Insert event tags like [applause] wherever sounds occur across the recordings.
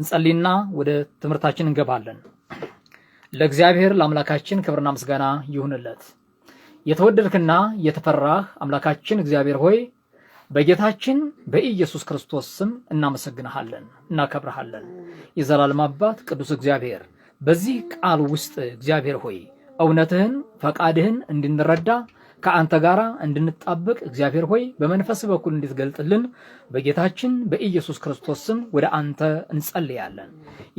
እንጸልይና ወደ ትምህርታችን እንገባለን። ለእግዚአብሔር ለአምላካችን ክብርና ምስጋና ይሁንለት። የተወደድክና የተፈራህ አምላካችን እግዚአብሔር ሆይ በጌታችን በኢየሱስ ክርስቶስ ስም እናመሰግንሃለን፣ እናከብረሃለን። የዘላለም አባት ቅዱስ እግዚአብሔር በዚህ ቃል ውስጥ እግዚአብሔር ሆይ እውነትህን ፈቃድህን እንድንረዳ ከአንተ ጋር እንድንጣበቅ እግዚአብሔር ሆይ በመንፈስ በኩል እንድትገልጥልን በጌታችን በኢየሱስ ክርስቶስ ስም ወደ አንተ እንጸልያለን።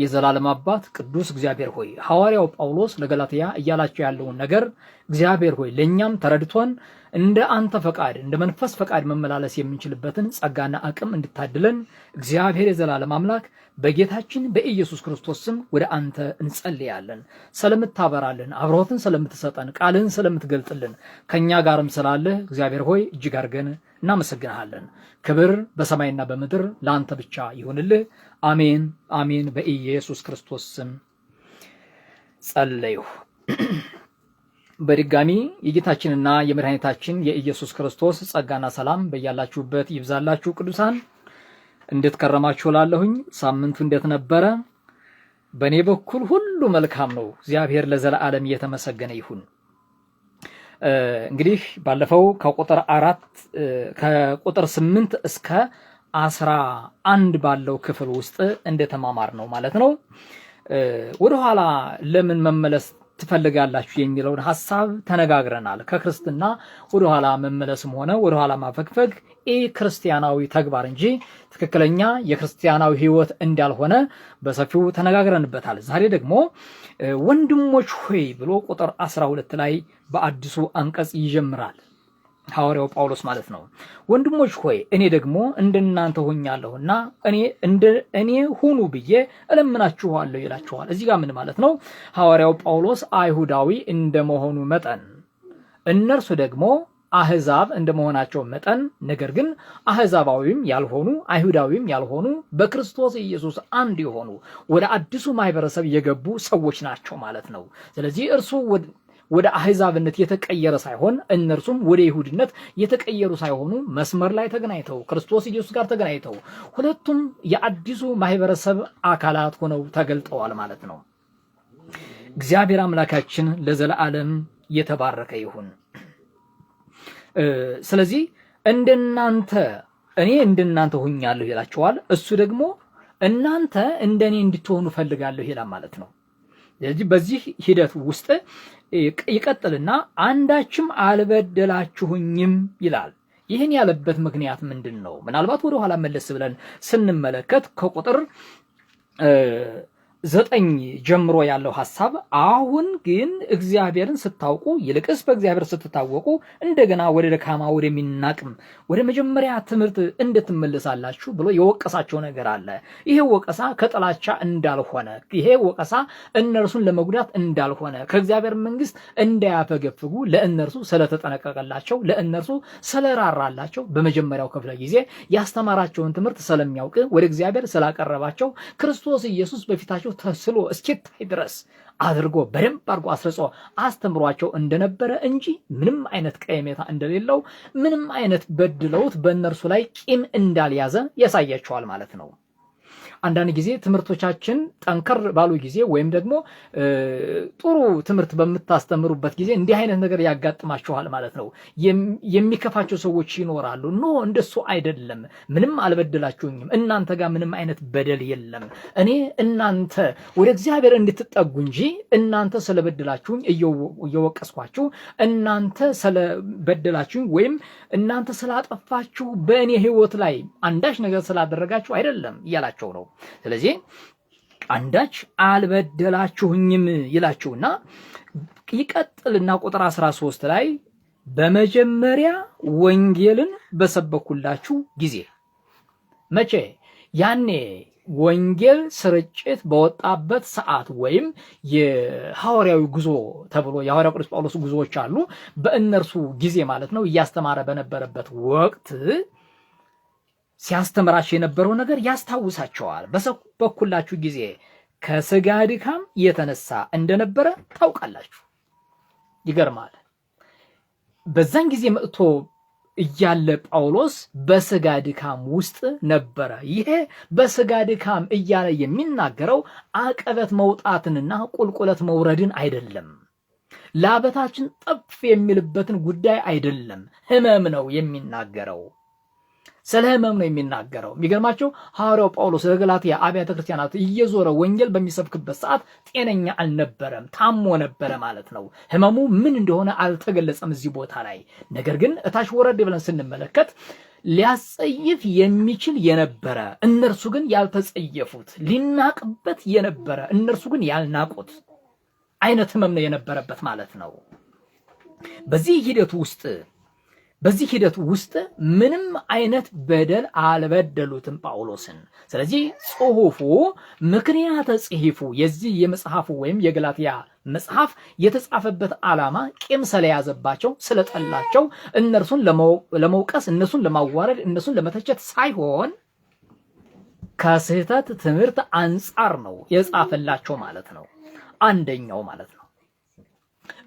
የዘላለም አባት ቅዱስ እግዚአብሔር ሆይ ሐዋርያው ጳውሎስ ለገላትያ እያላቸው ያለውን ነገር እግዚአብሔር ሆይ ለእኛም ተረድቶን እንደ አንተ ፈቃድ እንደ መንፈስ ፈቃድ መመላለስ የምንችልበትን ጸጋና አቅም እንድታድለን እግዚአብሔር የዘላለም አምላክ በጌታችን በኢየሱስ ክርስቶስ ስም ወደ አንተ እንጸልያለን። ስለምታበራልን፣ አብሮትን ስለምትሰጠን፣ ቃልን ስለምትገልጥልን፣ ከእኛ ጋርም ስላለህ እግዚአብሔር ሆይ እጅግ አድርገን እናመሰግንሃለን። ክብር በሰማይና በምድር ለአንተ ብቻ ይሁንልህ። አሜን አሜን። በኢየሱስ ክርስቶስ ስም ጸለይሁ። [clears throat] በድጋሚ የጌታችንና የመድኃኒታችን የኢየሱስ ክርስቶስ ጸጋና ሰላም በያላችሁበት ይብዛላችሁ። ቅዱሳን እንዴት ከረማችሁ ላለሁኝ ሳምንቱ እንዴት ነበረ? በእኔ በኩል ሁሉ መልካም ነው። እግዚአብሔር ለዘላለም እየተመሰገነ ይሁን። እንግዲህ ባለፈው ከቁጥር አራት ከቁጥር ስምንት እስከ አስራ አንድ ባለው ክፍል ውስጥ እንደተማማር ነው ማለት ነው። ወደኋላ ለምን መመለስ ትፈልጋላችሁ የሚለውን ሀሳብ ተነጋግረናል። ከክርስትና ወደኋላ መመለስም ሆነ ወደኋላ ማፈግፈግ ኤ ክርስቲያናዊ ተግባር እንጂ ትክክለኛ የክርስቲያናዊ ሕይወት እንዳልሆነ በሰፊው ተነጋግረንበታል። ዛሬ ደግሞ ወንድሞች ሆይ ብሎ ቁጥር 12 ላይ በአዲሱ አንቀጽ ይጀምራል። ሐዋርያው ጳውሎስ ማለት ነው። ወንድሞች ሆይ እኔ ደግሞ እንደናንተ ሆኛለሁና እኔ ሁኑ ብዬ እለምናችኋለሁ ይላችኋል። እዚህ ጋር ምን ማለት ነው? ሐዋርያው ጳውሎስ አይሁዳዊ እንደመሆኑ መጠን እነርሱ ደግሞ አህዛብ እንደመሆናቸው መጠን ነገር ግን አህዛባዊም ያልሆኑ አይሁዳዊም ያልሆኑ በክርስቶስ ኢየሱስ አንድ የሆኑ ወደ አዲሱ ማህበረሰብ የገቡ ሰዎች ናቸው ማለት ነው። ስለዚህ እርሱ ወደ አህዛብነት የተቀየረ ሳይሆን እነርሱም ወደ ይሁድነት የተቀየሩ ሳይሆኑ መስመር ላይ ተገናኝተው ክርስቶስ ኢየሱስ ጋር ተገናኝተው ሁለቱም የአዲሱ ማህበረሰብ አካላት ሆነው ተገልጠዋል ማለት ነው። እግዚአብሔር አምላካችን ለዘለዓለም የተባረከ ይሁን። ስለዚህ እንደናንተ እኔ እንደናንተ ሆኛለሁ ይላቸዋል። እሱ ደግሞ እናንተ እንደኔ እንድትሆኑ ፈልጋለሁ ይላል ማለት ነው። ስለዚህ በዚህ ሂደት ውስጥ ይቀጥልና አንዳችም አልበደላችሁኝም ይላል። ይህን ያለበት ምክንያት ምንድን ነው? ምናልባት ወደኋላ መለስ ብለን ስንመለከት ከቁጥር ዘጠኝ ጀምሮ ያለው ሐሳብ አሁን ግን እግዚአብሔርን ስታውቁ ይልቅስ በእግዚአብሔር ስትታወቁ እንደገና ወደ ደካማ ወደሚናቅም ወደ መጀመሪያ ትምህርት እንድትመልሳላችሁ ብሎ የወቀሳቸው ነገር አለ። ይሄ ወቀሳ ከጥላቻ እንዳልሆነ፣ ይሄ ወቀሳ እነርሱን ለመጉዳት እንዳልሆነ፣ ከእግዚአብሔር መንግስት እንዳያፈገፍጉ ለእነርሱ ስለተጠነቀቀላቸው፣ ለእነርሱ ስለራራላቸው በመጀመሪያው ክፍለ ጊዜ ያስተማራቸውን ትምህርት ስለሚያውቅ ወደ እግዚአብሔር ስላቀረባቸው ክርስቶስ ኢየሱስ በፊታቸው በእጃቸው ተስሎ እስኪታይ ድረስ አድርጎ በደንብ አድርጎ አስርጾ አስተምሯቸው እንደነበረ እንጂ ምንም አይነት ቀየሜታ እንደሌለው ምንም አይነት በድለውት በእነርሱ ላይ ቂም እንዳልያዘ ያሳያቸዋል ማለት ነው። አንዳንድ ጊዜ ትምህርቶቻችን ጠንከር ባሉ ጊዜ ወይም ደግሞ ጥሩ ትምህርት በምታስተምሩበት ጊዜ እንዲህ አይነት ነገር ያጋጥማችኋል ማለት ነው። የሚከፋቸው ሰዎች ይኖራሉ። ኖ እንደሱ አይደለም። ምንም አልበደላችሁኝም። እናንተ ጋር ምንም አይነት በደል የለም። እኔ እናንተ ወደ እግዚአብሔር እንድትጠጉ እንጂ እናንተ ስለበደላችሁኝ እየወቀስኳችሁ፣ እናንተ ስለበደላችሁኝ ወይም እናንተ ስላጠፋችሁ በእኔ ሕይወት ላይ አንዳች ነገር ስላደረጋችሁ አይደለም እያላቸው ነው። ስለዚህ አንዳች አልበደላችሁኝም ይላችሁና ይቀጥልና ቁጥር 13 ላይ በመጀመሪያ ወንጌልን በሰበኩላችሁ ጊዜ መቼ? ያኔ ወንጌል ስርጭት በወጣበት ሰዓት ወይም የሐዋርያዊ ጉዞ ተብሎ የሐዋርያ ቅዱስ ጳውሎስ ጉዞዎች አሉ። በእነርሱ ጊዜ ማለት ነው። እያስተማረ በነበረበት ወቅት ሲያስተምራቸው የነበረው ነገር ያስታውሳቸዋል። በኩላችሁ ጊዜ ከስጋ ድካም የተነሳ እንደነበረ ታውቃላችሁ። ይገርማል። በዛን ጊዜ መጥቶ እያለ ጳውሎስ በስጋ ድካም ውስጥ ነበረ። ይሄ በስጋ ድካም እያለ የሚናገረው አቀበት መውጣትንና ቁልቁለት መውረድን አይደለም። ላበታችን ጠፍ የሚልበትን ጉዳይ አይደለም። ህመም ነው የሚናገረው። ስለ ህመም ነው የሚናገረው። የሚገርማቸው ሐዋርያው ጳውሎስ ለገላትያ አብያተ ክርስቲያናት እየዞረ ወንጌል በሚሰብክበት ሰዓት ጤነኛ አልነበረም፣ ታሞ ነበረ ማለት ነው። ህመሙ ምን እንደሆነ አልተገለጸም እዚህ ቦታ ላይ። ነገር ግን እታች ወረድ ብለን ስንመለከት ሊያጸይፍ የሚችል የነበረ እነርሱ ግን ያልተጸየፉት፣ ሊናቅበት የነበረ እነርሱ ግን ያልናቁት አይነት ህመም ነው የነበረበት ማለት ነው። በዚህ ሂደቱ ውስጥ በዚህ ሂደት ውስጥ ምንም አይነት በደል አልበደሉትም ጳውሎስን። ስለዚህ ጽሑፉ ምክንያተ ጽሒፉ የዚህ የመጽሐፉ ወይም የገላትያ መጽሐፍ የተጻፈበት ዓላማ ቂም ስለያዘባቸው ስለጠላቸው፣ እነርሱን ለመውቀስ፣ እነሱን ለማዋረድ፣ እነሱን ለመተቸት ሳይሆን ከስህተት ትምህርት አንጻር ነው የጻፈላቸው ማለት ነው። አንደኛው ማለት ነው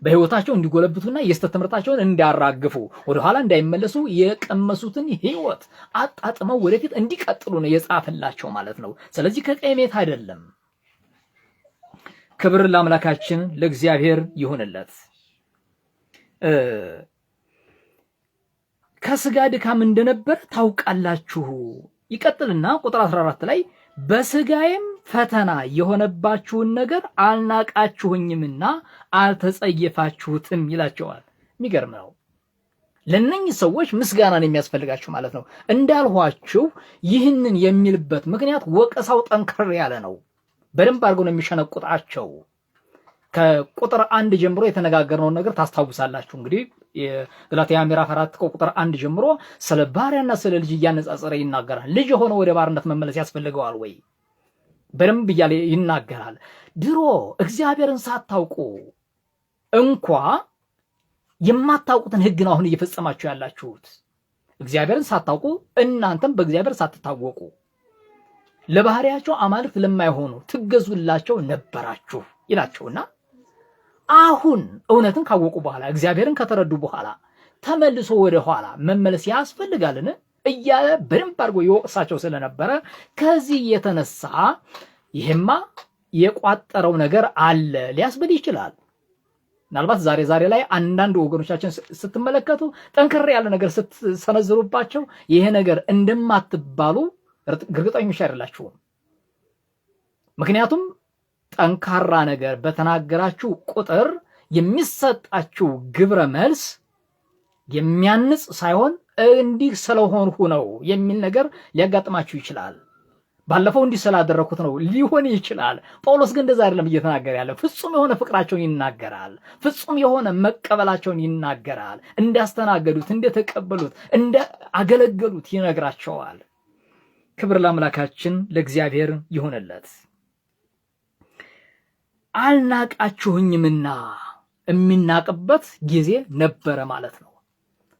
በህይወታቸው እንዲጎለብቱና የስተት ትምህርታቸውን እንዲያራግፉ ወደኋላ እንዳይመለሱ የቀመሱትን ህይወት አጣጥመው ወደፊት እንዲቀጥሉ ነው የጻፈላቸው ማለት ነው። ስለዚህ ከቀሜት አይደለም። ክብር ለአምላካችን ለእግዚአብሔር ይሁንለት። ከስጋ ድካም እንደነበር ታውቃላችሁ። ይቀጥልና ቁጥር 14 ላይ በስጋዬም ፈተና የሆነባችሁን ነገር አልናቃችሁኝምና አልተጸየፋችሁትም ይላቸዋል። የሚገርም ነው። ለነኝህ ሰዎች ምስጋናን የሚያስፈልጋችሁ ማለት ነው። እንዳልኋችሁ ይህንን የሚልበት ምክንያት ወቀሳው ጠንከር ያለ ነው። በደንብ አድርገው ነው የሚሸነቁጣቸው። ከቁጥር አንድ ጀምሮ የተነጋገርነውን ነገር ታስታውሳላችሁ። እንግዲህ የገላትያ ምዕራፍ አራት ቁጥር አንድ ጀምሮ ስለ ባሪያና ስለ ልጅ እያነጻጸረ ይናገራል። ልጅ የሆነ ወደ ባርነት መመለስ ያስፈልገዋል ወይ? በደንብ እያለ ይናገራል። ድሮ እግዚአብሔርን ሳታውቁ እንኳ የማታውቁትን ሕግ ነው አሁን እየፈጸማችሁ ያላችሁት። እግዚአብሔርን ሳታውቁ እናንተም በእግዚአብሔር ሳትታወቁ ለባህሪያቸው አማልክት ለማይሆኑ ትገዙላቸው ነበራችሁ ይላቸውና አሁን እውነትን ካወቁ በኋላ እግዚአብሔርን ከተረዱ በኋላ ተመልሶ ወደ ኋላ መመለስ ያስፈልጋልን? እያለ በደንብ አድርጎ ይወቅሳቸው ስለነበረ ከዚህ የተነሳ ይሄማ የቋጠረው ነገር አለ ሊያስብል ይችላል። ምናልባት ዛሬ ዛሬ ላይ አንዳንድ ወገኖቻችን ስትመለከቱ ጠንከር ያለ ነገር ስትሰነዝሩባቸው ይሄ ነገር እንደማትባሉ እርግጠኞች አይደላችሁም። ምክንያቱም ጠንካራ ነገር በተናገራችሁ ቁጥር የሚሰጣችሁ ግብረ መልስ የሚያንጽ ሳይሆን እንዲህ ስለሆንሁ ነው የሚል ነገር ሊያጋጥማችሁ ይችላል። ባለፈው እንዲህ ስላደረኩት ነው ሊሆን ይችላል። ጳውሎስ ግን እንደዛ አይደለም እየተናገረ ያለ። ፍጹም የሆነ ፍቅራቸውን ይናገራል። ፍጹም የሆነ መቀበላቸውን ይናገራል። እንዳስተናገዱት፣ እንደተቀበሉት፣ እንዳገለገሉት ይነግራቸዋል። ክብር ለአምላካችን ለእግዚአብሔር ይሆንለት። አልናቃችሁኝምና የሚናቅበት ጊዜ ነበረ ማለት ነው።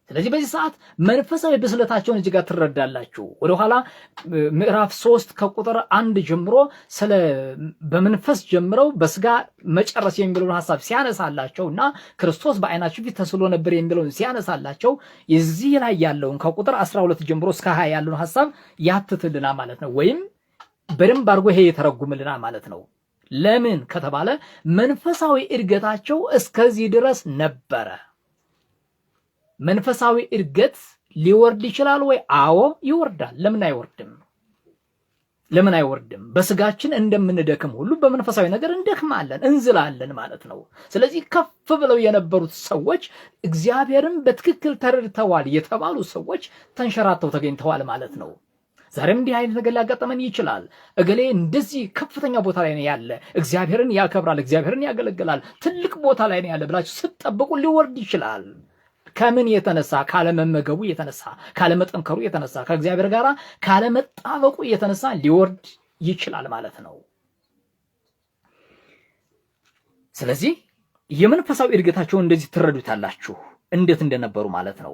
ስለዚህ በዚህ ሰዓት መንፈሳዊ ብስለታቸውን እዚህ ጋር ትረዳላችሁ። ወደኋላ ምዕራፍ ሶስት ከቁጥር አንድ ጀምሮ ስለ በመንፈስ ጀምረው በስጋ መጨረስ የሚለውን ሀሳብ ሲያነሳላቸው እና ክርስቶስ በዓይናችሁ ፊት ተስሎ ነበር የሚለውን ሲያነሳላቸው እዚህ ላይ ያለውን ከቁጥር 12 ጀምሮ እስከ ሀያ ያለውን ሀሳብ ያትትልና ማለት ነው። ወይም በደንብ አድርጎ ይሄ የተረጉምልና ማለት ነው። ለምን ከተባለ መንፈሳዊ እድገታቸው እስከዚህ ድረስ ነበረ። መንፈሳዊ እድገት ሊወርድ ይችላል ወይ? አዎ ይወርዳል። ለምን አይወርድም? ለምን አይወርድም? በስጋችን እንደምንደክም ሁሉ በመንፈሳዊ ነገር እንደክማለን፣ እንዝላለን ማለት ነው። ስለዚህ ከፍ ብለው የነበሩት ሰዎች እግዚአብሔርን በትክክል ተረድተዋል የተባሉ ሰዎች ተንሸራተው ተገኝተዋል ማለት ነው። ዛሬም እንዲህ አይነት ነገር ሊያጋጠመን ይችላል። እገሌ እንደዚህ ከፍተኛ ቦታ ላይ ነው ያለ፣ እግዚአብሔርን ያከብራል፣ እግዚአብሔርን ያገለግላል፣ ትልቅ ቦታ ላይ ነው ያለ ብላችሁ ስትጠብቁ ሊወርድ ይችላል። ከምን የተነሳ ካለመመገቡ የተነሳ ካለመጠንከሩ የተነሳ ከእግዚአብሔር ጋር ካለመጣበቁ የተነሳ ሊወርድ ይችላል ማለት ነው። ስለዚህ የመንፈሳዊ እድገታቸውን እንደዚህ ትረዱታላችሁ፣ እንዴት እንደነበሩ ማለት ነው።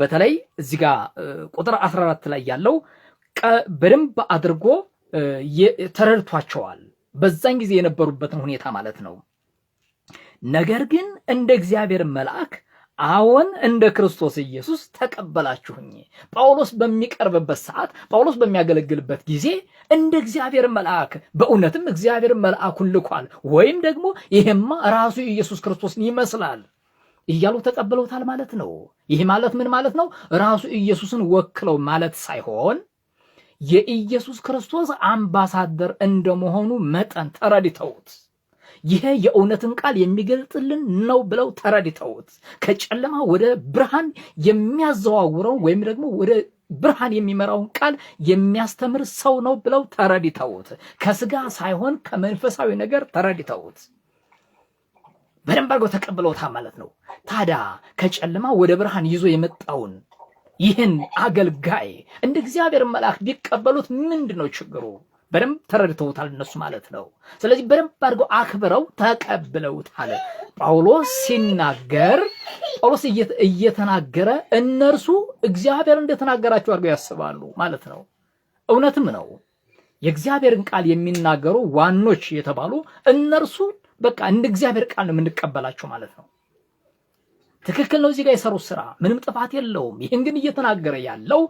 በተለይ እዚህ ጋር ቁጥር 14 ላይ ያለው በደንብ አድርጎ ተረድቷቸዋል፣ በዛን ጊዜ የነበሩበትን ሁኔታ ማለት ነው። ነገር ግን እንደ እግዚአብሔር መልአክ አዎን እንደ ክርስቶስ ኢየሱስ ተቀበላችሁኝ። ጳውሎስ በሚቀርብበት ሰዓት ጳውሎስ በሚያገለግልበት ጊዜ እንደ እግዚአብሔር መልአክ በእውነትም እግዚአብሔር መልአኩን ልኳል፣ ወይም ደግሞ ይሄማ ራሱ ኢየሱስ ክርስቶስን ይመስላል እያሉ ተቀብለውታል ማለት ነው። ይህ ማለት ምን ማለት ነው? ራሱ ኢየሱስን ወክለው ማለት ሳይሆን የኢየሱስ ክርስቶስ አምባሳደር እንደመሆኑ መጠን ተረድተውት ይሄ የእውነትን ቃል የሚገልጥልን ነው ብለው ተረድተውት ከጨለማ ወደ ብርሃን የሚያዘዋውረው ወይም ደግሞ ወደ ብርሃን የሚመራውን ቃል የሚያስተምር ሰው ነው ብለው ተረድተውት ከስጋ ሳይሆን ከመንፈሳዊ ነገር ተረድተውት በደንብ አድርገው ተቀብለውታ ማለት ነው። ታዲያ ከጨለማ ወደ ብርሃን ይዞ የመጣውን ይህን አገልጋይ እንደ እግዚአብሔር መልአክ ቢቀበሉት ምንድን ነው ችግሩ? በደንብ ተረድተውታል እነሱ ማለት ነው። ስለዚህ በደንብ አድርገው አክብረው ተቀብለውታል። ጳውሎስ ሲናገር ጳውሎስ እየተናገረ እነርሱ እግዚአብሔር እንደተናገራቸው አድርገው ያስባሉ ማለት ነው። እውነትም ነው። የእግዚአብሔርን ቃል የሚናገሩ ዋኖች የተባሉ እነርሱ በቃ እንደ እግዚአብሔር ቃል ነው የምንቀበላቸው ማለት ነው። ትክክል ነው። እዚህ ጋር የሰሩት ስራ ምንም ጥፋት የለውም። ይህን ግን እየተናገረ ያለው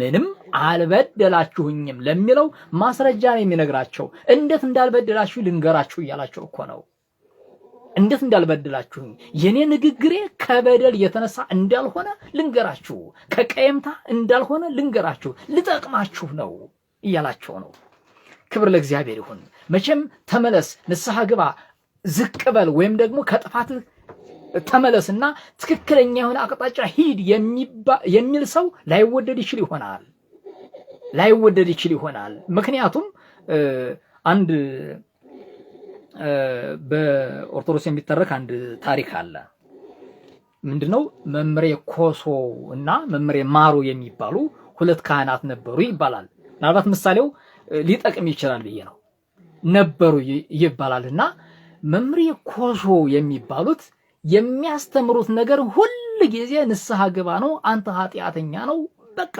ምንም አልበደላችሁኝም ለሚለው ማስረጃ ነው የሚነግራቸው። እንዴት እንዳልበደላችሁ ልንገራችሁ እያላቸው እኮ ነው። እንዴት እንዳልበደላችሁኝ የኔ ንግግሬ ከበደል የተነሳ እንዳልሆነ ልንገራችሁ፣ ከቀየምታ እንዳልሆነ ልንገራችሁ፣ ልጠቅማችሁ ነው እያላቸው ነው። ክብር ለእግዚአብሔር ይሁን። መቼም ተመለስ፣ ንስሐ ግባ፣ ዝቅ በል ወይም ደግሞ ከጥፋትህ ተመለስና ትክክለኛ የሆነ አቅጣጫ ሂድ የሚል ሰው ላይወደድ ይችል ይሆናል። ላይወደድ ይችል ይሆናል። ምክንያቱም አንድ በኦርቶዶክስ የሚተረክ አንድ ታሪክ አለ። ምንድነው? መምሬ ኮሶ እና መምሬ ማሩ የሚባሉ ሁለት ካህናት ነበሩ ይባላል። ምናልባት ምሳሌው ሊጠቅም ይችላል ብዬ ነው። ነበሩ ይባላል እና መምሬ ኮሶ የሚባሉት የሚያስተምሩት ነገር ሁል ጊዜ ንስሐ ግባ ነው፣ አንተ ኃጢአተኛ ነው። በቃ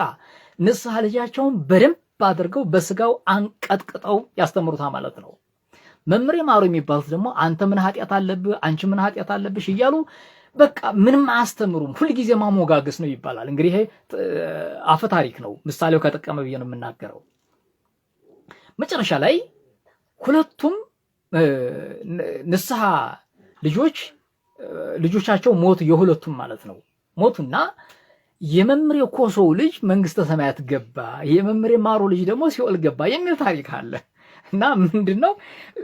ንስሐ ልጃቸውን በደንብ አድርገው በስጋው አንቀጥቅጠው ያስተምሩታ ማለት ነው። መምሬ ማሩ የሚባሉት ደግሞ አንተ ምን ኃጢአት አለብህ፣ አንቺ ምን ኃጢአት አለብሽ እያሉ በቃ ምንም አያስተምሩም። ሁልጊዜ ማሞጋገስ ነው ይባላል። እንግዲህ ይሄ አፈ ታሪክ ነው፣ ምሳሌው ከጠቀመ ብዬ ነው የምናገረው። መጨረሻ ላይ ሁለቱም ንስሐ ልጆች ልጆቻቸው ሞቱ፣ የሁለቱም ማለት ነው ሞቱና የመምሬ ኮሶ ልጅ መንግስተ ሰማያት ገባ፣ የመምሬ ማሮ ልጅ ደግሞ ሲኦል ገባ የሚል ታሪክ አለ እና ምንድን ነው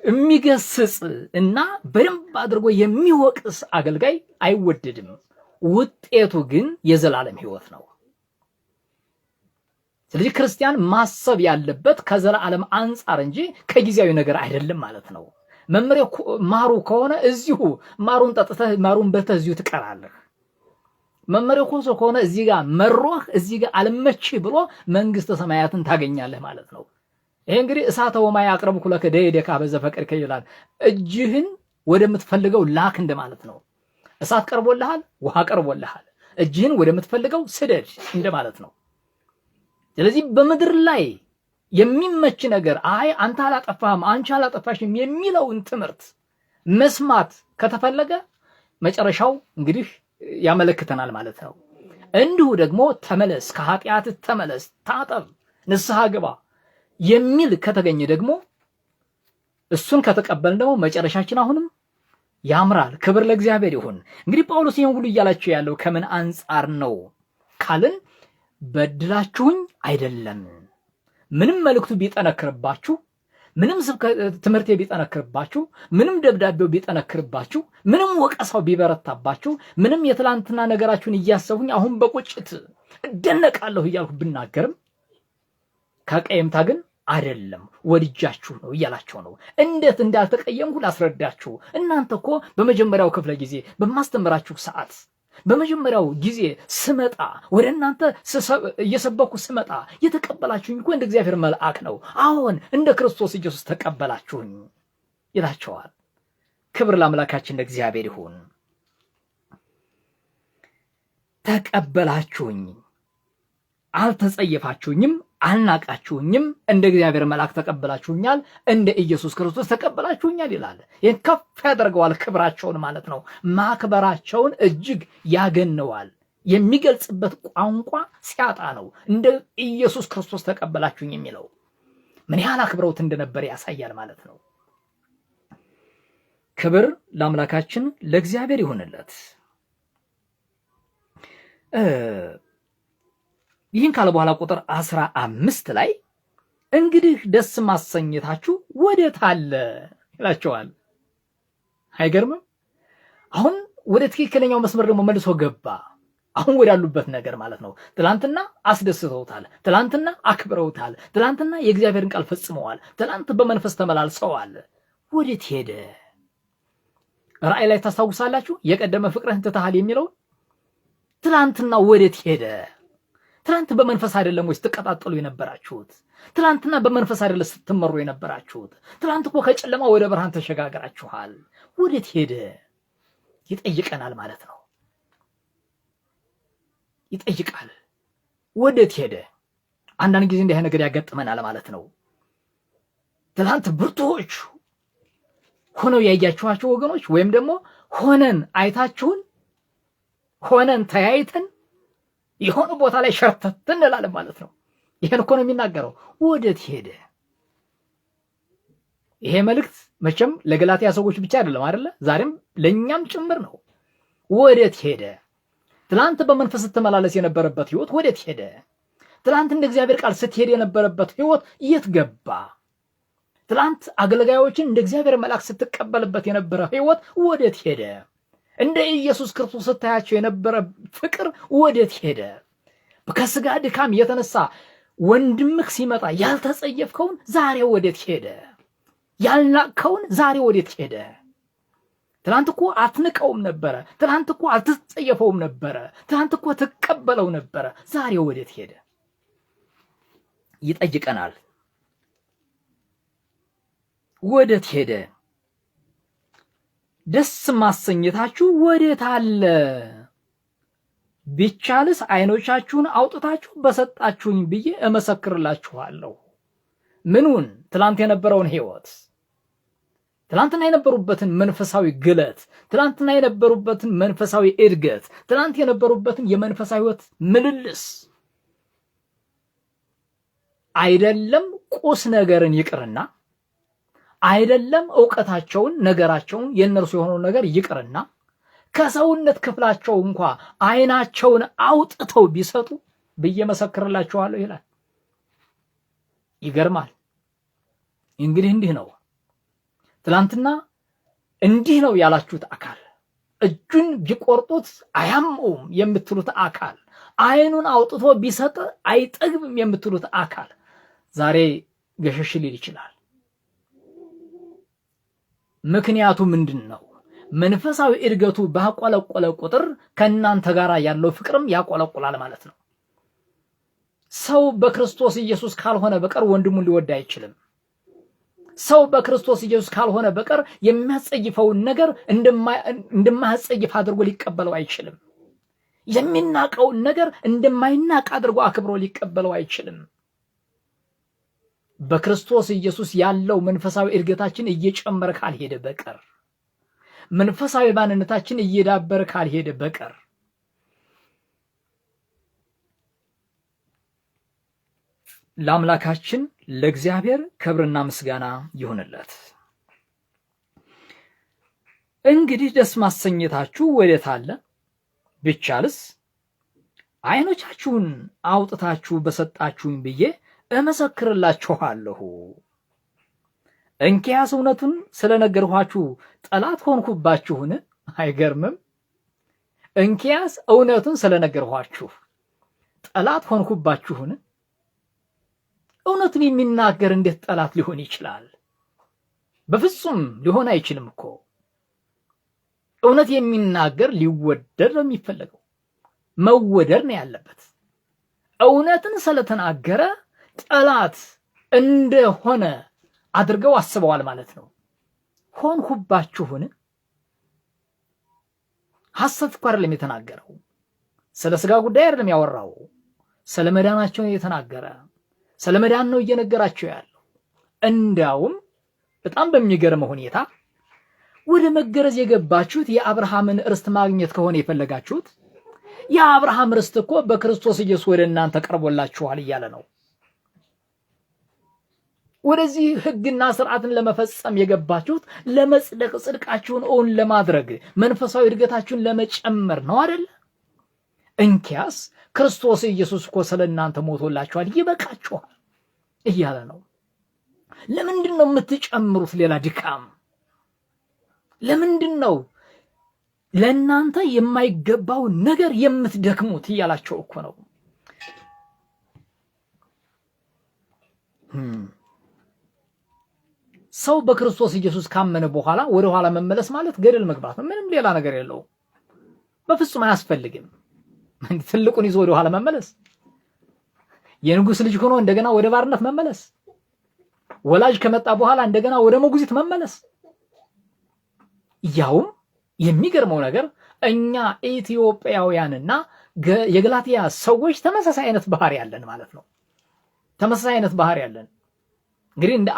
የሚገስጽ እና በደንብ አድርጎ የሚወቅስ አገልጋይ አይወደድም። ውጤቱ ግን የዘላለም ህይወት ነው። ስለዚህ ክርስቲያን ማሰብ ያለበት ከዘላለም አንጻር እንጂ ከጊዜያዊ ነገር አይደለም ማለት ነው። መመሪያው ማሩ ከሆነ እዚሁ ማሩን ጠጥተህ ማሩን በልተህ እዚሁ ትቀራለህ። መመሪያው ኮሶ ከሆነ እዚህ ጋር መሮህ እዚህ ጋር አልመችህ ብሎ መንግስተ ሰማያትን ታገኛለህ ማለት ነው። ይሄ እንግዲህ እሳተ ወማይ አቅረብኩ ለከ ደይደካ በዘፈቀድከ ይላል። እጅህን ወደምትፈልገው ላክ እንደማለት ነው። እሳት ቀርቦልሃል፣ ውሃ ቀርቦልሃል። እጅህን ወደምትፈልገው ስደድ እንደማለት ነው። ስለዚህ በምድር ላይ የሚመች ነገር አይ አንተ አላጠፋህም፣ አንቺ አላጠፋሽም የሚለውን ትምህርት መስማት ከተፈለገ መጨረሻው እንግዲህ ያመለክተናል ማለት ነው። እንዲሁ ደግሞ ተመለስ፣ ከኃጢአት ተመለስ፣ ታጠብ፣ ንስሐ ግባ የሚል ከተገኘ ደግሞ እሱን ከተቀበል ደግሞ መጨረሻችን አሁንም ያምራል። ክብር ለእግዚአብሔር ይሁን። እንግዲህ ጳውሎስ ይህን ሁሉ እያላቸው ያለው ከምን አንጻር ነው ካልን በድላችሁኝ አይደለም ምንም መልእክቱ ቢጠነክርባችሁ፣ ምንም ትምህርቴ ቢጠነክርባችሁ፣ ምንም ደብዳቤው ቢጠነክርባችሁ፣ ምንም ወቀሳው ቢበረታባችሁ፣ ምንም የትላንትና ነገራችሁን እያሰቡኝ አሁን በቁጭት እደነቃለሁ እያልኩ ብናገርም ከቀየምታ ግን አይደለም ወድጃችሁ ነው እያላቸው ነው። እንዴት እንዳልተቀየምኩ ላስረዳችሁ። እናንተ እኮ በመጀመሪያው ክፍለ ጊዜ በማስተምራችሁ ሰዓት በመጀመሪያው ጊዜ ስመጣ ወደ እናንተ እየሰበኩ ስመጣ የተቀበላችሁኝ እኮ እንደ እግዚአብሔር መልአክ ነው። አሁን እንደ ክርስቶስ ኢየሱስ ተቀበላችሁኝ ይላቸዋል። ክብር ለአምላካችን ለእግዚአብሔር ይሁን። ተቀበላችሁኝ፣ አልተጸየፋችሁኝም፣ አልናቃችሁኝም፣ እንደ እግዚአብሔር መልአክ ተቀበላችሁኛል፣ እንደ ኢየሱስ ክርስቶስ ተቀበላችሁኛል ይላል። ይህን ከፍ ያደርገዋል፣ ክብራቸውን ማለት ነው። ማክበራቸውን እጅግ ያገነዋል። የሚገልጽበት ቋንቋ ሲያጣ ነው እንደ ኢየሱስ ክርስቶስ ተቀበላችሁኝ የሚለው ምን ያህል አክብረውት እንደነበር ያሳያል ማለት ነው። ክብር ለአምላካችን ለእግዚአብሔር ይሁንለት። ይህን ካለ በኋላ ቁጥር አስራ አምስት ላይ እንግዲህ ደስ ማሰኘታችሁ ወዴት አለ ይላቸዋል። አይገርምም? አሁን ወደ ትክክለኛው መስመር ደግሞ መልሶ ገባ። አሁን ወዳሉበት ነገር ማለት ነው። ትላንትና አስደስተውታል። ትላንትና አክብረውታል። ትላንትና የእግዚአብሔርን ቃል ፈጽመዋል። ትላንት በመንፈስ ተመላልሰዋል። ወዴት ሄደ? ራእይ ላይ ታስታውሳላችሁ። የቀደመ ፍቅርህን ትተሃል የሚለውን ትላንትና ወዴት ሄደ? ትላንት በመንፈስ አይደለም ወይ ስትቀጣጠሉ የነበራችሁት? ትላንትና በመንፈስ አይደለ ስትመሩ የነበራችሁት? ትላንት እኮ ከጨለማ ወደ ብርሃን ተሸጋግራችኋል። ወዴት ሄደ? ይጠይቀናል ማለት ነው። ይጠይቃል። ወዴት ሄደ? አንዳንድ ጊዜ እንዲህ ነገር ያጋጥመናል ማለት ነው። ትላንት ብርቱዎች ሆነው ያያችኋቸው ወገኖች ወይም ደግሞ ሆነን አይታችሁን ሆነን ተያይተን የሆነ ቦታ ላይ ሸርተት እንላለን ማለት ነው። ይሄን እኮ ነው የሚናገረው። ወደት ሄደ? ይሄ መልእክት መቼም ለገላትያ ሰዎች ብቻ አይደለም አይደለ? ዛሬም ለእኛም ጭምር ነው። ወደት ሄደ? ትላንት በመንፈስ ስትመላለስ የነበረበት ህይወት ወደት ሄደ? ትላንት እንደ እግዚአብሔር ቃል ስትሄድ የነበረበት ህይወት የት ገባ? ትላንት አገልጋዮችን እንደ እግዚአብሔር መልአክ ስትቀበልበት የነበረ ህይወት ወደት ሄደ? እንደ ኢየሱስ ክርስቶስ ስታያቸው የነበረ ፍቅር ወዴት ሄደ? ከስጋ ድካም የተነሳ ወንድምህ ሲመጣ ያልተጸየፍከውን ዛሬ ወዴት ሄደ? ያልናቅከውን ዛሬ ወዴት ሄደ? ትናንት እኮ አትንቀውም ነበረ። ትናንት እኮ አትጸየፈውም ነበረ። ትናንት እኮ ትቀበለው ነበረ። ዛሬ ወዴት ሄደ? ይጠይቀናል። ወዴት ሄደ? ደስ ማሰኘታችሁ ወዴት አለ? ቢቻልስ አይኖቻችሁን አውጥታችሁ በሰጣችሁኝ ብዬ እመሰክርላችኋለሁ። ምኑን? ትላንት የነበረውን ህይወት ትላንትና የነበሩበትን መንፈሳዊ ግለት፣ ትላንትና የነበሩበትን መንፈሳዊ እድገት፣ ትላንት የነበሩበትን የመንፈሳዊ ህይወት ምልልስ አይደለም ቁስ ነገርን ይቅርና አይደለም እውቀታቸውን፣ ነገራቸውን የእነርሱ የሆነውን ነገር ይቅርና ከሰውነት ክፍላቸው እንኳ አይናቸውን አውጥተው ቢሰጡ ብዬ መሰክርላችኋለሁ ይላል። ይገርማል። እንግዲህ እንዲህ ነው። ትላንትና እንዲህ ነው ያላችሁት አካል እጁን ቢቆርጡት አያመውም የምትሉት አካል አይኑን አውጥቶ ቢሰጥ አይጠግብም የምትሉት አካል ዛሬ ገሸሽ ሊል ይችላል። ምክንያቱ ምንድን ነው? መንፈሳዊ እድገቱ ባቆለቆለ ቁጥር ከእናንተ ጋር ያለው ፍቅርም ያቆለቁላል ማለት ነው። ሰው በክርስቶስ ኢየሱስ ካልሆነ በቀር ወንድሙን ሊወድ አይችልም። ሰው በክርስቶስ ኢየሱስ ካልሆነ በቀር የሚያስጸይፈውን ነገር እንደማያስጸይፍ አድርጎ ሊቀበለው አይችልም። የሚናቀውን ነገር እንደማይናቅ አድርጎ አክብሮ ሊቀበለው አይችልም። በክርስቶስ ኢየሱስ ያለው መንፈሳዊ እድገታችን እየጨመረ ካልሄደ በቀር መንፈሳዊ ማንነታችን እየዳበረ ካልሄደ በቀር ለአምላካችን ለእግዚአብሔር ክብርና ምስጋና ይሁንለት። እንግዲህ ደስ ማሰኘታችሁ ወዴት አለ? ብቻልስ ዓይኖቻችሁን አውጥታችሁ በሰጣችሁኝ ብዬ እመሰክርላችኋለሁ። እንኪያስ እውነቱን ስለነገርኋችሁ ጠላት ሆንሁባችሁን? አይገርምም? እንኪያስ እውነቱን ስለነገርኋችሁ ጠላት ሆንሁባችሁን? እውነቱን የሚናገር እንዴት ጠላት ሊሆን ይችላል? በፍጹም ሊሆን አይችልም እኮ። እውነት የሚናገር ሊወደድ ነው የሚፈለገው፣ መወደድ ነው ያለበት። እውነትን ስለተናገረ ጠላት እንደሆነ አድርገው አስበዋል ማለት ነው። ሆንሁባችሁን? ሐሰት እኮ አይደለም የተናገረው። ስለ ስጋ ጉዳይ አይደለም ያወራው። ስለ መዳናቸው የተናገረ ስለ መዳን ነው እየነገራቸው ያለው። እንዳውም በጣም በሚገርም ሁኔታ ወደ መገረዝ የገባችሁት የአብርሃምን ርስት ማግኘት ከሆነ የፈለጋችሁት የአብርሃም ርስት እኮ በክርስቶስ ኢየሱስ ወደ እናንተ ቀርቦላችኋል እያለ ነው። ወደዚህ ህግና ስርዓትን ለመፈጸም የገባችሁት ለመጽደቅ፣ ጽድቃችሁን እውን ለማድረግ መንፈሳዊ እድገታችሁን ለመጨመር ነው አደለ? እንኪያስ ክርስቶስ ኢየሱስ እኮ ስለ እናንተ ሞቶላችኋል፣ ይበቃችኋል እያለ ነው። ለምንድን ነው የምትጨምሩት ሌላ ድካም? ለምንድን ነው ለእናንተ የማይገባው ነገር የምትደክሙት? እያላቸው እኮ ነው። ሰው በክርስቶስ ኢየሱስ ካመነ በኋላ ወደ ኋላ መመለስ ማለት ገደል መግባት ነው። ምንም ሌላ ነገር የለው በፍጹም አያስፈልግም። ትልቁን ይዞ ወደ ኋላ መመለስ፣ የንጉሥ ልጅ ሆኖ እንደገና ወደ ባርነት መመለስ፣ ወላጅ ከመጣ በኋላ እንደገና ወደ ሞግዚት መመለስ። ያውም የሚገርመው ነገር እኛ ኢትዮጵያውያንና የገላትያ ሰዎች ተመሳሳይ አይነት ባህሪ ያለን ማለት ነው። ተመሳሳይ አይነት ባህሪ ያለን እንግዲህ እንደ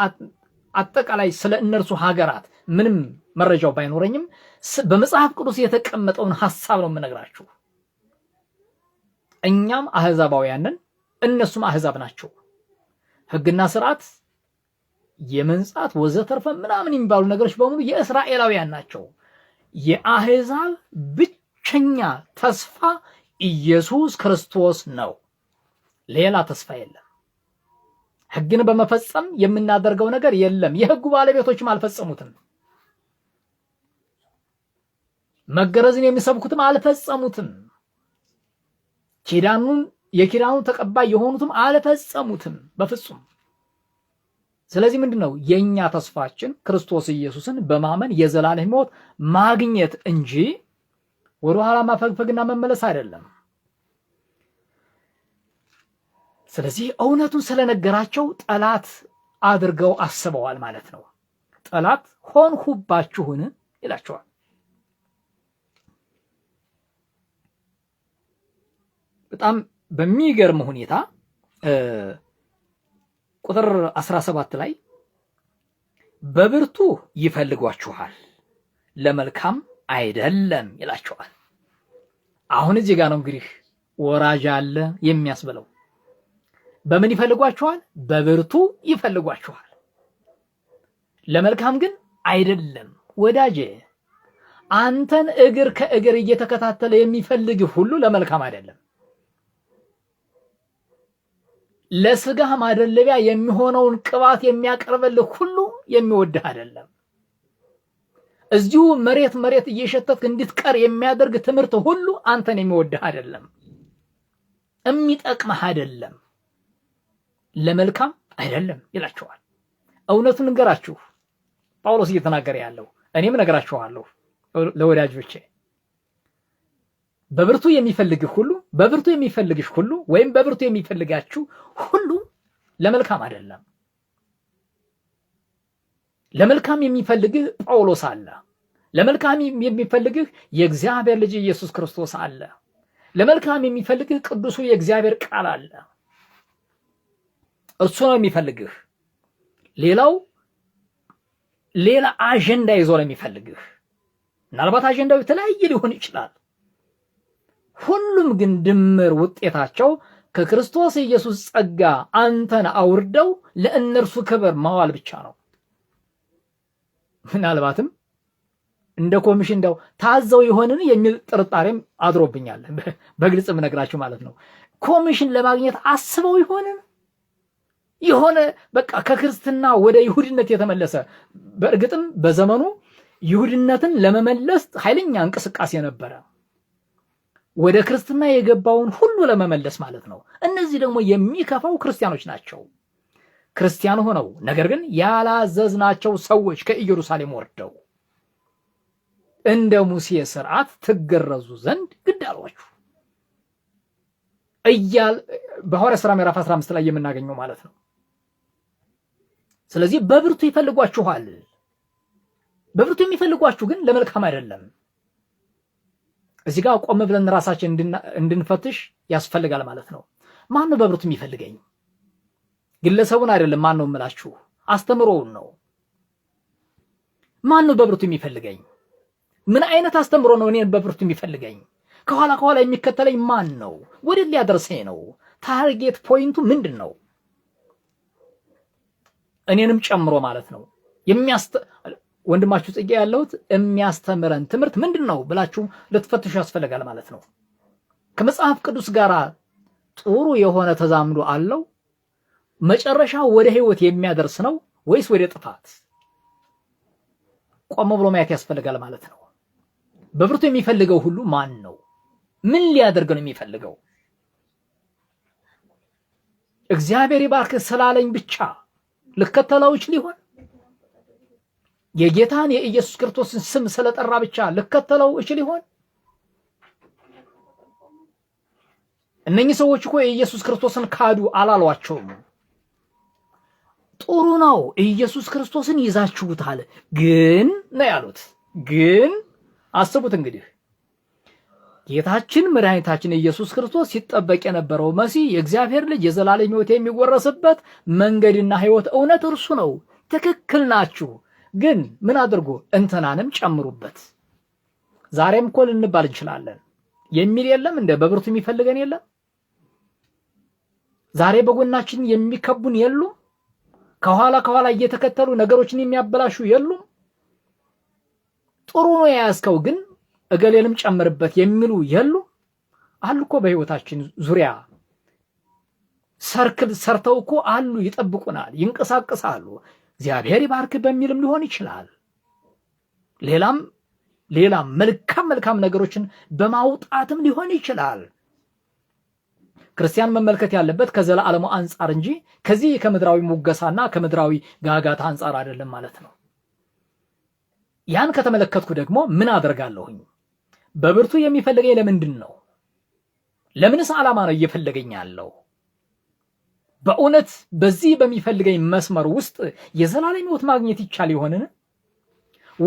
አጠቃላይ ስለ እነርሱ ሀገራት ምንም መረጃው ባይኖረኝም በመጽሐፍ ቅዱስ የተቀመጠውን ሀሳብ ነው የምነግራችሁ። እኛም አህዛባውያንን እነሱም አህዛብ ናቸው። ህግና ስርዓት፣ የመንጻት ወዘተርፈ ምናምን የሚባሉ ነገሮች በሙሉ የእስራኤላውያን ናቸው። የአህዛብ ብቸኛ ተስፋ ኢየሱስ ክርስቶስ ነው። ሌላ ተስፋ የለም። ህግን በመፈጸም የምናደርገው ነገር የለም። የህጉ ባለቤቶችም አልፈጸሙትም። መገረዝን የሚሰብኩትም አልፈጸሙትም። ኪዳኑን የኪዳኑ ተቀባይ የሆኑትም አልፈጸሙትም በፍጹም። ስለዚህ ምንድን ነው የእኛ ተስፋችን? ክርስቶስ ኢየሱስን በማመን የዘላለም ሕይወት ማግኘት እንጂ ወደኋላ ማፈግፈግና መመለስ አይደለም። ስለዚህ እውነቱን ስለነገራቸው ጠላት አድርገው አስበዋል ማለት ነው። ጠላት ሆንሁባችሁን ይላቸዋል። በጣም በሚገርም ሁኔታ ቁጥር 17 ላይ በብርቱ ይፈልጓችኋል፣ ለመልካም አይደለም ይላቸዋል። አሁን እዚህ ጋር ነው እንግዲህ ወራጅ አለ የሚያስብለው በምን ይፈልጓችኋል? በብርቱ ይፈልጓችኋል። ለመልካም ግን አይደለም። ወዳጄ አንተን እግር ከእግር እየተከታተለ የሚፈልግህ ሁሉ ለመልካም አይደለም። ለስጋህ ማደለቢያ የሚሆነውን ቅባት የሚያቀርበልህ ሁሉ የሚወድህ አይደለም። እዚሁ መሬት መሬት እየሸተትክ እንድትቀር የሚያደርግ ትምህርት ሁሉ አንተን የሚወድህ አይደለም፣ የሚጠቅመህ አይደለም። ለመልካም አይደለም ይላቸዋል። እውነቱን እንገራችሁ ጳውሎስ እየተናገረ ያለው እኔም ነገራችኋለሁ ለወዳጆቼ በብርቱ የሚፈልግህ ሁሉ በብርቱ የሚፈልግሽ ሁሉ ወይም በብርቱ የሚፈልጋችሁ ሁሉ ለመልካም አይደለም። ለመልካም የሚፈልግህ ጳውሎስ አለ። ለመልካም የሚፈልግህ የእግዚአብሔር ልጅ ኢየሱስ ክርስቶስ አለ። ለመልካም የሚፈልግህ ቅዱሱ የእግዚአብሔር ቃል አለ። እሱ ነው የሚፈልግህ። ሌላው ሌላ አጀንዳ ይዞ ነው የሚፈልግህ። ምናልባት አጀንዳው የተለያየ ሊሆን ይችላል። ሁሉም ግን ድምር ውጤታቸው ከክርስቶስ ኢየሱስ ጸጋ አንተን አውርደው ለእነርሱ ክብር ማዋል ብቻ ነው። ምናልባትም እንደ ኮሚሽን እንደው ታዘው የሆንን የሚል ጥርጣሬም አድሮብኛል። በግልጽ የምነግራቸው ማለት ነው። ኮሚሽን ለማግኘት አስበው ይሆንን የሆነ በቃ ከክርስትና ወደ ይሁድነት የተመለሰ በእርግጥም በዘመኑ ይሁድነትን ለመመለስ ኃይለኛ እንቅስቃሴ ነበረ። ወደ ክርስትና የገባውን ሁሉ ለመመለስ ማለት ነው። እነዚህ ደግሞ የሚከፋው ክርስቲያኖች ናቸው። ክርስቲያን ሆነው ነገር ግን ያላዘዝናቸው ሰዎች ከኢየሩሳሌም ወርደው እንደ ሙሴ ስርዓት ትገረዙ ዘንድ ግድ አሏችሁ እያል በሐዋርያ ሥራ ምዕራፍ 15 ላይ የምናገኘው ማለት ነው። ስለዚህ በብርቱ ይፈልጓችኋል። በብርቱ የሚፈልጓችሁ ግን ለመልካም አይደለም። እዚህ ጋር ቆም ብለን ራሳችን እንድንፈትሽ ያስፈልጋል ማለት ነው። ማን ነው በብርቱ የሚፈልገኝ? ግለሰቡን አይደለም። ማን ነው የምላችሁ? አስተምሮውን ነው። ማን ነው በብርቱ የሚፈልገኝ? ምን አይነት አስተምሮ ነው እኔን በብርቱ የሚፈልገኝ? ከኋላ ከኋላ የሚከተለኝ ማን ነው? ወደ ሊያደርሰኝ ነው? ታርጌት ፖይንቱ ምንድን ነው? እኔንም ጨምሮ ማለት ነው። ወንድማችሁ ጽጌ ያለሁት የሚያስተምረን ትምህርት ምንድን ነው ብላችሁ ልትፈትሹ ያስፈልጋል ማለት ነው። ከመጽሐፍ ቅዱስ ጋር ጥሩ የሆነ ተዛምዶ አለው? መጨረሻ ወደ ህይወት የሚያደርስ ነው ወይስ ወደ ጥፋት? ቆም ብሎ ማየት ያስፈልጋል ማለት ነው። በብርቱ የሚፈልገው ሁሉ ማን ነው? ምን ሊያደርግ ነው የሚፈልገው? እግዚአብሔር ይባርክ ስላለኝ ብቻ ልከተለው ሊሆን የጌታን የኢየሱስ ክርስቶስን ስም ስለጠራ ብቻ ልከተለው ይችል ሊሆን እነኚህ ሰዎች እኮ የኢየሱስ ክርስቶስን ካዱ አላሏቸውም። ጥሩ ነው ኢየሱስ ክርስቶስን ይዛችሁታል፣ ግን ነው ያሉት። ግን አስቡት እንግዲህ ጌታችን መድኃኒታችን ኢየሱስ ክርስቶስ ሲጠበቅ የነበረው መሲህ የእግዚአብሔር ልጅ የዘላለም ሕይወት የሚወረስበት መንገድና ሕይወት እውነት እርሱ ነው። ትክክል ናችሁ። ግን ምን አድርጎ እንትናንም ጨምሩበት። ዛሬም እኮ ልንባል እንችላለን የሚል የለም እንደ በብርቱ የሚፈልገን የለም። ዛሬ በጎናችን የሚከቡን የሉም። ከኋላ ከኋላ እየተከተሉ ነገሮችን የሚያበላሹ የሉም። ጥሩ ነው የያዝከው ግን እገሌልም ጨምርበት የሚሉ የሉ አሉ እኮ በህይወታችን ዙሪያ ሰርክል ሰርተው እኮ አሉ፣ ይጠብቁናል፣ ይንቀሳቀሳሉ። እግዚአብሔር ይባርክ በሚልም ሊሆን ይችላል። ሌላም ሌላም መልካም መልካም ነገሮችን በማውጣትም ሊሆን ይችላል። ክርስቲያን መመልከት ያለበት ከዘላለሙ አንጻር እንጂ ከዚህ ከምድራዊ ሙገሳና ከምድራዊ ጋጋታ አንጻር አይደለም ማለት ነው። ያን ከተመለከትኩ ደግሞ ምን አደርጋለሁኝ? በብርቱ የሚፈልገኝ ለምንድን ነው? ለምንስ ዓላማ ነው እየፈለገኝ ያለው? በእውነት በዚህ በሚፈልገኝ መስመር ውስጥ የዘላለም ሕይወት ማግኘት ይቻል ይሆንን?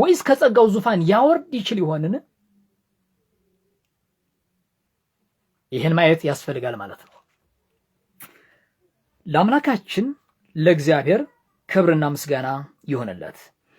ወይስ ከጸጋው ዙፋን ያወርድ ይችል ይሆንን? ይህን ማየት ያስፈልጋል ማለት ነው። ለአምላካችን ለእግዚአብሔር ክብርና ምስጋና ይሆንለት።